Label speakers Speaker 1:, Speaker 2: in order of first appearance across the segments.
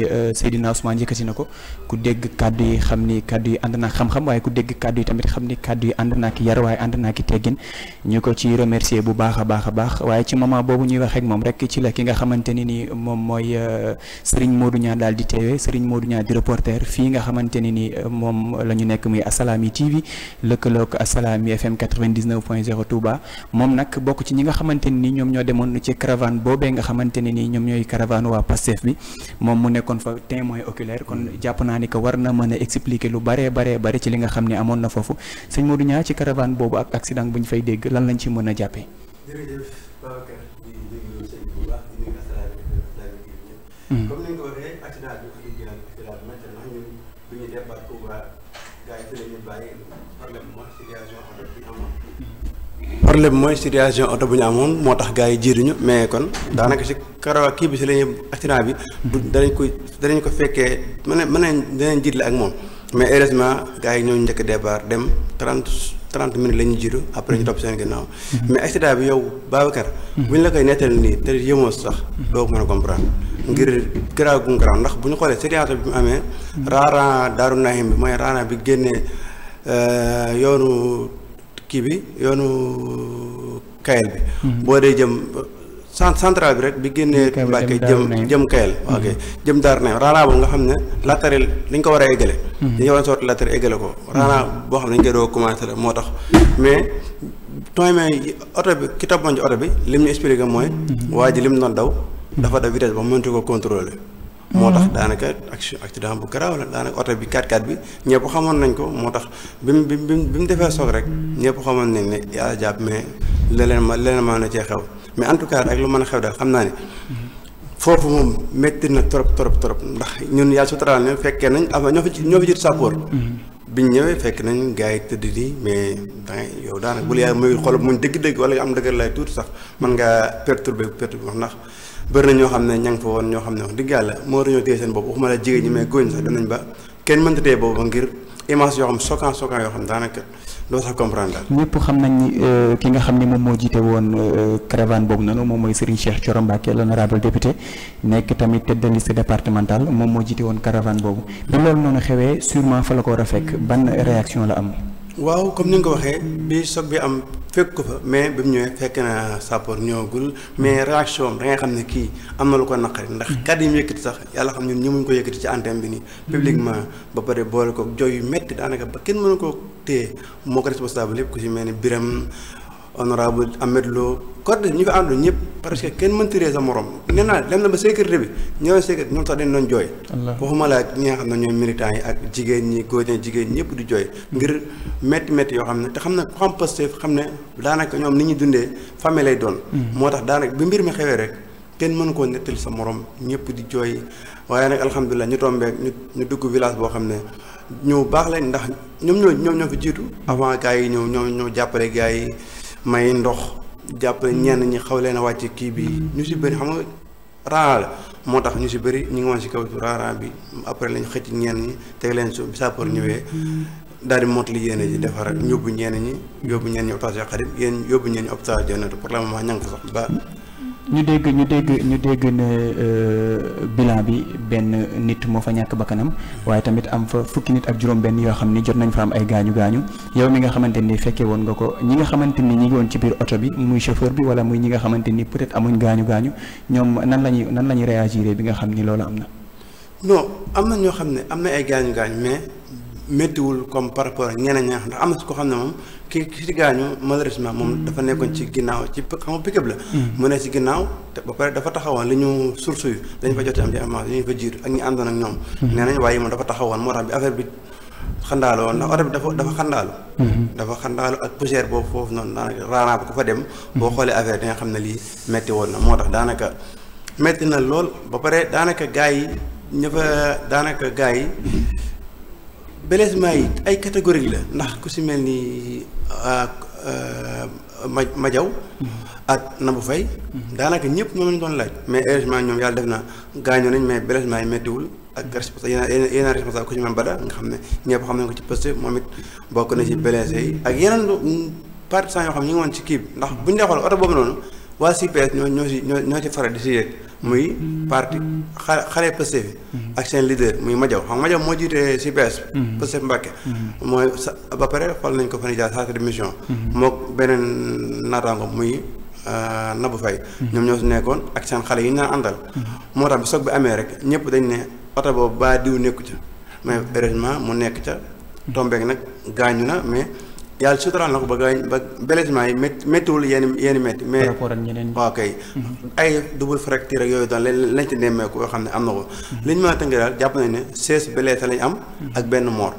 Speaker 1: Euh, Seydina Ousmane yëkkati na ko ku dégg kàddu yi xam ni kàddu yi ànd naa xam-xam waaye ku dégg kàddu yi tamit xam ni kàddu yi ànd naa ki yar waaye ànd naa ki teggin ñu ko ci remercier bu baax a baax a baax waaye ci moment boobu ñuy wax ak moom rek ci la ki nga xamante ni ni moom mooy euh, Serigne Modou Niang daal di teewee Serigne Modou Niang di reporter fii nga xamante ni ni euh, moom la ñu nekk muy Assalaamy TV lëkkaloog Assalaamy FM 99.0 Touba moom nag bokk ci ñi nga xamante ni ni ñoom ñoo demoon ci caravane boobee nga xamante ni ni ñoom ñooy caravane waa Pastef bi moom mu kon fa témoin oculaire kon jàpp naa ni que war na mën a expliquer lu baree baree bare ci li nga xam ne amoon na foofu sëñ Modou Niang ci caravane boobu ak accident bu ñu fay dégg lan lañ ci mën a jàppee.
Speaker 2: jërëjëf problème mooy situation oto bu ñu amoon moo tax gars yi jiiruñu mais kon daanaka si karawa kii bi si lañuy accident bi du danañ koy danañ ko fekkee mën na mën nañ danañ jiitle ak moom mais heureusement gars yi ñoo njëkk départ dem trent trente minutes la ñu jiitu après ñu topp seen ginnaaw mhm. mais accident bi yow Babacar mhm. bu ñu la koy nettali nii te yëmoo sax doo ko mën a comprendre ngir garaaw gu ndax bu ñu xoolee situation bi mu amee mhm. raaraan daaru naahim bi mooy raaraan euh, kii bi yoonu Kayel bi. Mhm. boo dee jëm cent central bi rek bi génnee. Mbàkke jëm jëm Kayel. Mhm. ok jëm Darou Nayef raanaa boobu nga xam ne latéral lañ ko war a eggale. Mhm. dañu war a sotti latéral eggale ko. raanaa boo xam ne dañ koy doog commencé la moo tax mais. tooy ma oto bi ki toppoon ci oto bi lim ñu expliqué mooy. waa ji lim na daw. dafa def vitesse ba mënatu ko contrôler moo tax mhm. daanaka action accident bu garaaw la daanaka oto bi 4x4 bi ñëpp xamoon nañ ko moo tax bi mu bi mu bi mu defee soog rek ñëpp xamoon nañ ne yàlla jàpp mais leneen ma leneen maa na cee xew mais en tout cas ak lu mën a xew daal xam naa ne. foofu moom métti na trop trop trop ndax ñun yàlla suturaal ne fekkee nañ am ñoo fi ñoo fi jiitu sappoor. biñ ñëwee fekk nañu gars yi tëdd nii mais dangay yow daanaka bu la yaay muy xol muñ dëgg-dëgg wala nga am dëgër lay tuuti sax mën ngaa perturbé perturbé wax ndax bëri na ñoo xam ne ña nga fa woon ñoo xam ne wax dëgg yàlla moo dañoo téye seen bopp waxuma la jigéen ñi mais góoñ sax dem nañ ba kenn mënta tee boobu ngir image yoo xam sokan sokan yoo xam daanaka loolu sax comprendre
Speaker 1: xam nañ ni euh, ki nga xam ne moom moo jiite woon euh, caravane boobu noonu moom mooy Serigne Cheikh Thioro Mbacké l'honorable député nekk tamit tête de liste départementale moom moo jiite woon caravane boobu bi loolu noonu xewee sûrement fa la ko war a fekk ban réaction la am.
Speaker 2: waaw comme ni nga ko waxee bi choc bi am fekk ko fa mais bi mu ñëwee fekk na sappoor ñëwagul mais réaction am da xam ne kii am na lu ko naqari ndax kàddu yi mu yëkkati sax yàlla xam ñun mu muñ ko yëkkati ci antenne bi nii publiquement ba pare boole ko jooy yu metti daanaka ba kenn mënu ko téye moo ko responsable yëpp ku si mel ni Biram honorable Ahmed Lo code ñu fi àndoon ñëpp parce que kenn mënti ree sa moroom nee naa dem na ba sécurité bi ñoo sécurité ñoom sax dañ doon jooy waxuma la ak ñi nga xam ne ñooy militants yi ak jigéen ñi góor ñi jigéen ñëpp di jooy ngir métti métti yoo xam ne te xam ne xam posté xam ne daanaka ñoom ni ñuy dundee famille lay doon hmm. moo tax daanaka bi mbir mi xewee rek kenn mënu koo nettali sa morom ñëpp di jooy waaye nag alhamdulilah ñu tombee ñu ñu dugg village boo xam ne ñëw baax lañ ndax ñoom ñoo ñoom ñoo fi jiitu avant gars yi ñëw ñoo ñoo jàppale gars yi may ndox jàpp ñenn ñi xaw leen a wàcc kii bii ñu si bëri xam nga raara la moo tax ñu si bëri ñu ngi woon si kaw raara bi après lañ xëcc ñenn ñi teg leen su sapeur ñëwee daal di motali yéene ji defar yóbbu ñenn ñi yóbbu ñenn ñi hôpital Cheikh Khadim yéen yóbbu ñeen ñi hôpital Jannatul pour le moment ña nga fa sax ba
Speaker 1: ñu dégg ñu dégg ñu dégg ne euh, bilan bi benn nit moo fa ñàkk bakkanam waaye tamit am fa fukki nit ak juróom-benn yoo xam ni jot nañ fa am ay gaañu gaañu yow mi nga xamante ni fekkee woon nga ko ñi nga xamante ni ñi ngi woon ci biir oto bi muy chauffeur bi wala muy ñi nga xamante ni peut-être amuñ gaañu gaañu ñoom nan la ñuy nan la ñuy réagir bi nga xam ni loolu am na.
Speaker 2: non am na ñoo xam ne am na ay gaañu gaañu mais. méttiwul comme par rapport ak ñeneen ñi ndax am na su ko xam ne moom ki ki si gaañu malheureusement moom dafa nekkoon ci ginnaaw ci xam nga pick la. Hmm. mu ne si ginnaaw te ba pare dafa taxawoon li ñu source yu dañu fa jotee am ci amance li ak ñi àndoon ak ñoom. Hmm. nee nañ waaye moom dafa taxawoon moo tax bi affaire bi xandaaloo woon ndax oto dafa dafa xandaalu. Hmm. dafa xandaalu ak poussière boobu foofu noonu daanaka ko fa dem. boo xoolee affaire bi nga xam ne lii métti woon na moo tax daanaka métti na lool ba pare daanaka gaa yi ña fa daanaka gaa yi beleesement yi ay catégorie la ndax ku si mel nii ah, ah, ma Majaw ak Nabou Faye daanaka ñëpp ñoom lañ doon laaj mais heureusement ñoom yàlla def na gaañoo nañ mais beleesement yi méttiwul ak responsable mm-hmm. yeneen yeneen responsable ku si mel Bada nga xam ne ñëpp xam nañ ko ci poste moom it bokk na ci mm-hmm. blessé yi ak yeneen mm, partisans yoo xam ne ñu ngi woon ci kii ndax buñu dee xool oto boobu noonu waa CPS ñoo ñoo si ñoo ñoo ci faral di si yéeg muy parti xa xale Pastef mm-hmm. ak seen leader muy Madiaw xam Madiaw moo jiitee si bees mm-hmm. Pastef Mbàkke mm-hmm. mooy sa ba pare xool nañ ko fan jaar chargé de mission mook beneen naataango muy euh, nabu Faye ñoom ñoo si nekkoon ak seen xale yi ñu naan àndal moo tax bi soog bi amee rek ñëpp dañ ne oto boobu baa diw nekku ca mais heureusement mu nekk ca tombeek nag gaañu na mais yàlla suturaal na ko ba ba bellaitement yi métti méttiwul yenn yenn métti. mais waaw kay. Mhm. ay double fracture ak yooyu doon lañ lañ ci nemmeeku yoo xam ne am na ko. Mhm. li ñu mën a daal jàpp nañ ne seize blessés lañ am. Mhm. ak benn mort.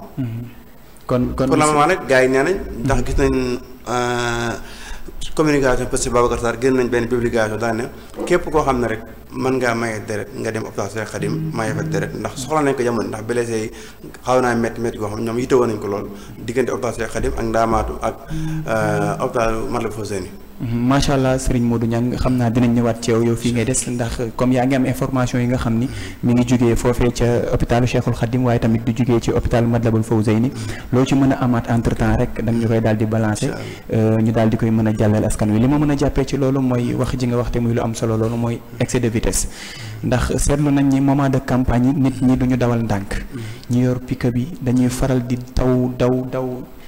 Speaker 1: kon kon pour le moment
Speaker 2: nag gars yi nee nañ. ndax gis nañ. Euh, communication parce que Babacar Sarr génn nañ benn publication daan képp koo xam ne rek mën ngaa maye deret nga dem hôpital Cheikh Khadim maye fa deret ndax soxla nañ ko jamono ndax blessé yi xaw naa métti métti goo xam ñoom yitewoo nañ ko lool diggante hôpital Cheikh Khadim ak ndaamaatu ak euh, hôpital Matlaboul Fawzeyni
Speaker 1: macha allah Serigne Modou Niang xam naa dinañ ñëwaat ci yow yow fii ngay des ndax comme yaa ngi am information yi nga xam ni mi ngi jugee foofee ca hôpitalu Cheikhul Khadim waaye tamit du jugee ci hôpital Madlabul Fawzayni loo ci mën a amaat entre temps rek danga ñu koy daal di balancer euh, ñu daal di koy mën a jàllale askan wi li ma mën a jàppee ci loolu mooy wax ji nga waxte muy lu am solo loolu mooy excès de vitesse ndax seetlu nañ ni moment de campagne yi nit ñi duñu dawal ndànk mm. ñu yor pick-up bi dañuy faral di taw daw daw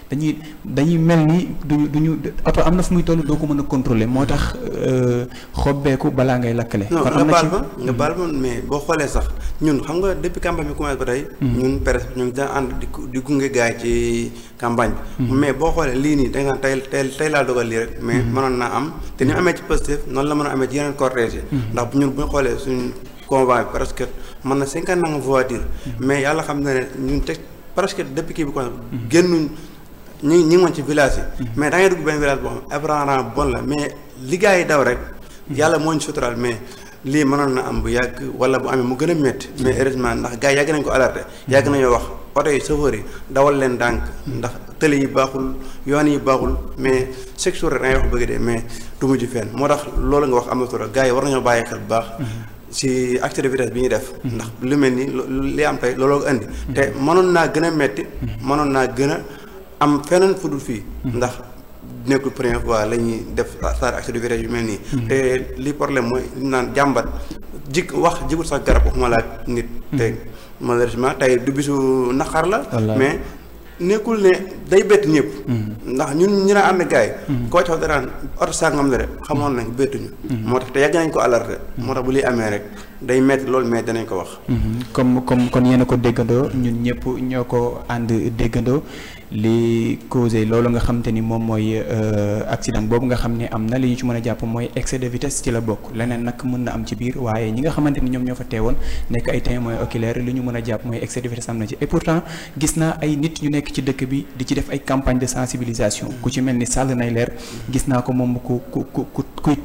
Speaker 1: dañuy dañuy mel ni duñu duñu oto am na fu muy toll doo ko mën a contrôler moo tax euh, xobbeeku balaa ngay lakkale. kon am nga baal ma nga baal
Speaker 2: mm-hmm. mais boo xoolee sax ñun xam nga depuis campagne bi commencé ba tey. Mm-hmm. ñun presse ñu ngi daan ànd di gunge gaay ci campagne mm-hmm. mais boo xoolee lii nii da nga tey tey tey laa dogal lii mais mënoon naa am te ni amee ci Pastef noonu la mën a amee ci yeneen ndax ñun bu xoolee suñu convoi bi presque mën na cinquante nanga voiture mais yàlla xam na ne ñun teg presque depuis kii bi quoi génnuñ. ñi ñi ngoon ci village yi mm-hmm. mais da ngay dugg benn village boo xam abraham bon la mais li gars yi daw rek mm-hmm. yàlla moo ñu suturaal mais lii mënoon na am bu yàgg wala bu amee mu gën a métti mm-hmm. mais heureusement ndax gars yàgg nañ ko alerté yàgg nañoo wax oto yi yi dawal leen dànk ndax tëli yi baaxul yoon yi baaxul mais chaque jour rek da bëgg dee mais du mujj fenn moo tax loolu nga wax am na yi war nañoo bàyyi xel bu baax ci accès bi ñuy def ndax lu mel ni li am tey looloo ko indi te mënoon naa gën a métti mënoon naa gën a am feneen fu dul fii ndax nekkul première fois la ñuy def saar accès de virage yu mel nii mm-hmm. te li problème mooy naan jàmbat jik wax jikul sax garab waxuma laa nit mm-hmm. te malheureusement tey du bisu naqar la mais nekkul ne day bett ñëpp mm-hmm. ndax ñun ñu ne am na gars yi mm-hmm. koo jox daraan oto la rek xamoon nañ bettuñu mm-hmm. moo tax te yàgg nañ ko alerté mm-hmm. moo tax bu liy amee rek day metti loolu mais danañ ko wax
Speaker 1: comme comme kon yéen a ko déggandoo ñun ñëpp ñoo ko ànd déggandoo li causé loolu nga xam te ni moom mooy euh, accident na li ñu a jàpp mooy excès de vitesse ci la bokk leneen nag mën na am ci biir waaye ñi nga xamante ni ñoom ñoo fa teewoon nekk ay témoins oculaires li ñu mën a jàpp mooy excès de vitesse am na ci et pourtant gis naa ay nit ñu nekk ci dëkk bi di ci def ay campagne de sensibilisation sensibilisation ku ci mel ni sàll nay leer gis naa ko moom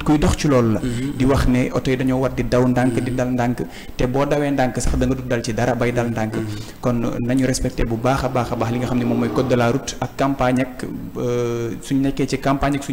Speaker 1: kuy dox ci loolu la mm-hmm. di wax ne oto yi dañoo war di daw ndànk di mm-hmm. dal ndànk te boo dawee ndànk sax da nga du dal ci dara bay dal ndànk mm-hmm. kon nañu respecté bu baax a baax a li nga xam ne moom mooy code de la route ak campagne ak euh, suñ nekkee ci campagne ak